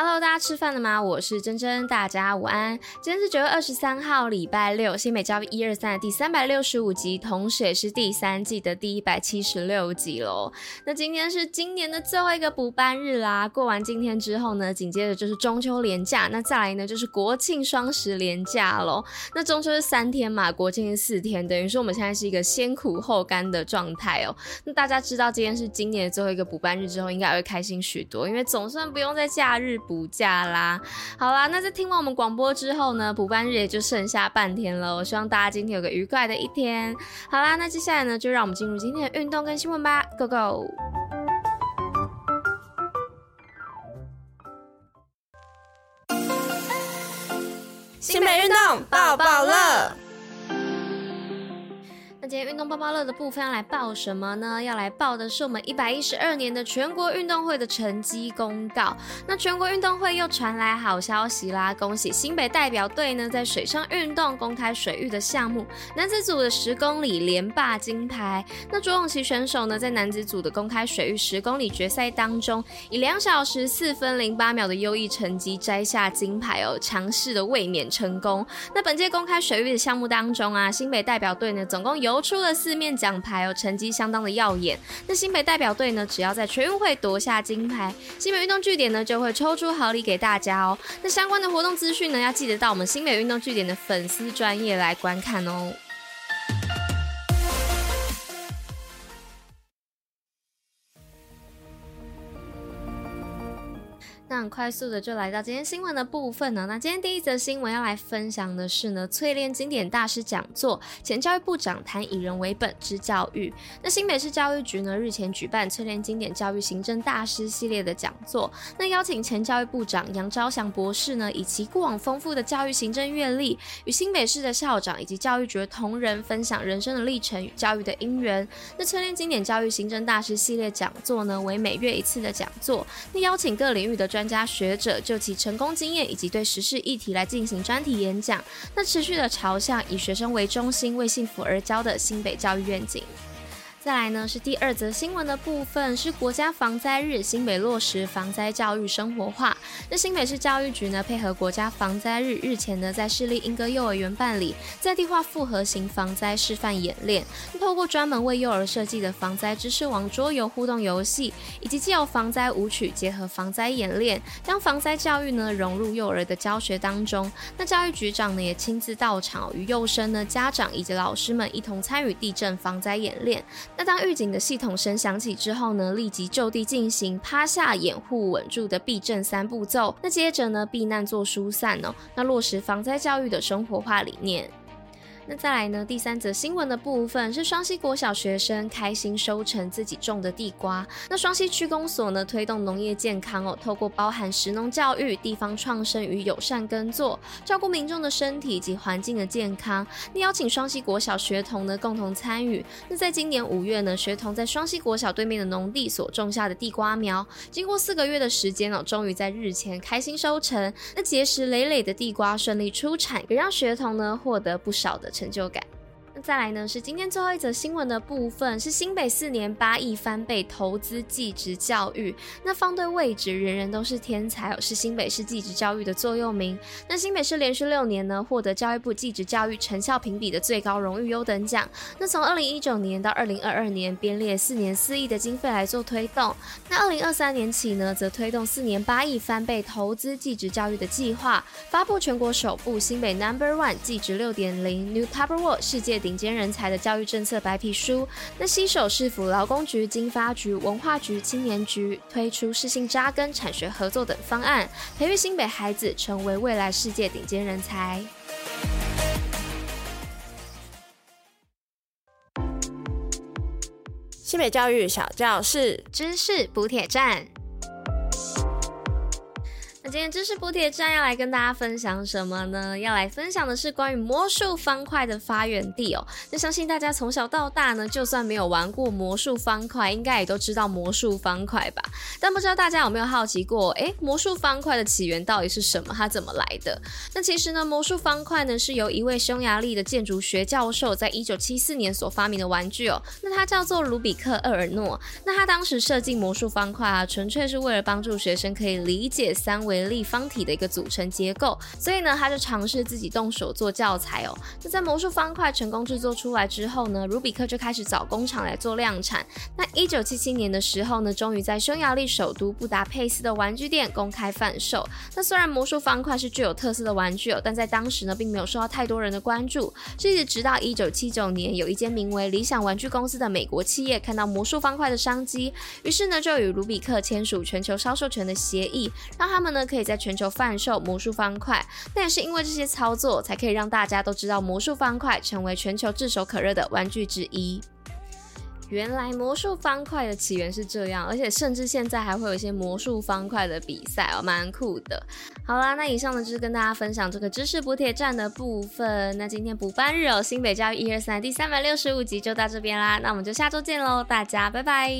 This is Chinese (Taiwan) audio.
Hello，大家吃飯了嗎？我是珍珍，大家午安。今天是九月二十三號，禮拜六，新北教育一二三的第三百六十五集，同時也是第三季的第一百七十六集嘍。那今天是今年的最後一個補班日啦，過完今天之後呢，緊接着就是中秋連假，那再來呢就是國慶雙十連假嘍。那中秋是三天嘛，國慶是四天，等於說我們現在是一個先苦後甘的狀態哦。那大家知道今天是今年的最後一個補班日之後，應該會開心許多，因為總算不用再假日。補假啦！好啦，那在聽完我們廣播之後呢，補班日也就剩下半天了，我希望大家今天有個愉快的一天。好啦，那接下來呢，就讓我們進入今天的運動跟新聞吧，Go Go！新北運動報報樂。運動報報樂的部分要來報什麼呢？要來報的是我們一百一十二年的全國運動會的成績公告。那全國運動會又傳來好消息啦！恭喜新北代表隊呢，在水上運動公開水域的項目男子組的十公里連霸金牌。那卓永琪選手呢，在男子組的公開水域十公里決賽當中，以兩小時四分零八秒的優異成績摘下金牌哦，強勢的衛冕成功。那本屆公開水域的項目當中啊，新北代表隊呢，總共有投出了四面獎牌哦，成績相當的耀眼。那新北代表隊呢，只要在全運會奪下金牌，新北運動據點呢就會抽出好禮給大家哦。那相關的活動資訊呢，要記得到我們新北運動據點的粉絲專頁來觀看哦。很快速的就來到今天新聞的部分呢。那今天第一則新聞要來分享的是呢，淬煉經典大師講座，前教育部長談以人為本之教育。那新北市教育局呢日前舉辦淬煉經典教育行政大師系列的講座，那邀請前教育部長楊朝祥博士呢，以其過往豐富的教育行政閱歷，與新北市的校長以及教育局的同仁分享人生的歷程與教育的因緣。那淬煉經典教育行政大師系列講座呢，為每月一次的講座，那邀請各領域的專。家學者就其成功經驗以及對時事議題來進行專題演講，那持續的朝向以學生為中心、為幸福而教的新北教育願景。再來呢，是第二則新聞的部分，是國家防災日，新北落實防災教育生活化。那新北市教育局呢，配合國家防災日日前呢，在市立鶯歌幼兒園辦理在地化複合型防災示範演練，透過專門為幼兒設計的防災知識王桌遊互動遊戲，以及既有防災舞曲結合防災演練，將防災教育呢融入幼兒的教學當中。那教育局長呢，也親自到場，與幼生呢，家長以及老師們一同參與地震防災演練。那當預警的系統聲響起之後呢，立即就地進行趴下、掩護、穩住的避震三步驟。那接着呢，避難做疏散哦。那落實防災教育的生活化理念。那再來呢，第三則新聞的部分是雙溪國小學生開心收成自己種的地瓜。那雙溪區公所呢，推動農業健康哦，透過包含食農教育、地方創生與友善耕作，照顧民眾的身體及環境的健康。那邀請雙溪國小學童呢，共同參與。那在今年五月呢，學童在雙溪國小對面的農地所種下的地瓜苗，經過四個月的時間呢、哦，終於在日前開心收成。那結實累累的地瓜順利出產，也讓學童呢獲得不少的成長成就感。再來呢，是今天最後一則新聞的部分，是新北四年八億翻倍投資技職教育。那放對位置，人人都是天才，是新北市技職教育的座右銘。那新北市連續六年呢，獲得教育部技職教育成效評比的最高榮譽優等獎。那從二零一九年到二零二二年，編列四年四億的經費來做推動。那二零二三年起呢，則推動四年八億翻倍投資技職教育的計劃，發布全國首部新北 Number One 技職六點零 New Taipei World 世界。頂尖人才的教育政策白皮書。那新北市府勞工局、經發局、文化局、青年局推出適性扎根、產學合作等方案，培育新北孩子成為未來世界頂尖人才。新北教育小教室，知識補帖站。今天知識補帖站要來跟大家分享什麼呢？要來分享的是關於魔術方塊的發源地哦、喔。那相信大家從小到大呢，就算沒有玩過魔術方塊，應該也都知道魔術方塊吧？但不知道大家有沒有好奇過，哎、欸，魔術方塊的起源到底是什麼？它怎麼來的？那其實呢，魔術方塊呢是由一位匈牙利的建築學教授在一九七四年所發明的玩具哦、喔。那他叫做盧比克·厄爾諾。那他當時設計魔術方塊啊，純粹是為了幫助學生可以理解三維。立方體的一個組成結構，所以呢，他就嘗試自己動手做教材哦。那在魔術方塊成功制作出來之後呢，盧比克就開始找工廠來做量產。那一九七七年的時候呢，終於在匈牙利首都布達佩斯的玩具店公開販售。那雖然魔術方塊是具有特色的玩具哦，但在當時呢，並沒有受到太多人的關注。這一直到一九七九年，有一間名為理想玩具公司的美國企業看到魔術方塊的商機，於是呢，就與盧比克簽署全球銷售權的協議，讓他們呢。可以在全球販售魔術方塊，那也是因為這些操作，才可以讓大家都知道魔術方塊成為全球炙手可熱的玩具之一。原來魔術方塊的起源是這樣，而且甚至現在還會有一些魔術方塊的比賽哦，蠻酷的。好啦，那以上呢，就是跟大家分享這個知識補帖站的部分。那今天補班日哦、喔，新北教育一二三，第三百六十五集就到這邊啦，那我們就下周見嘍，大家拜拜。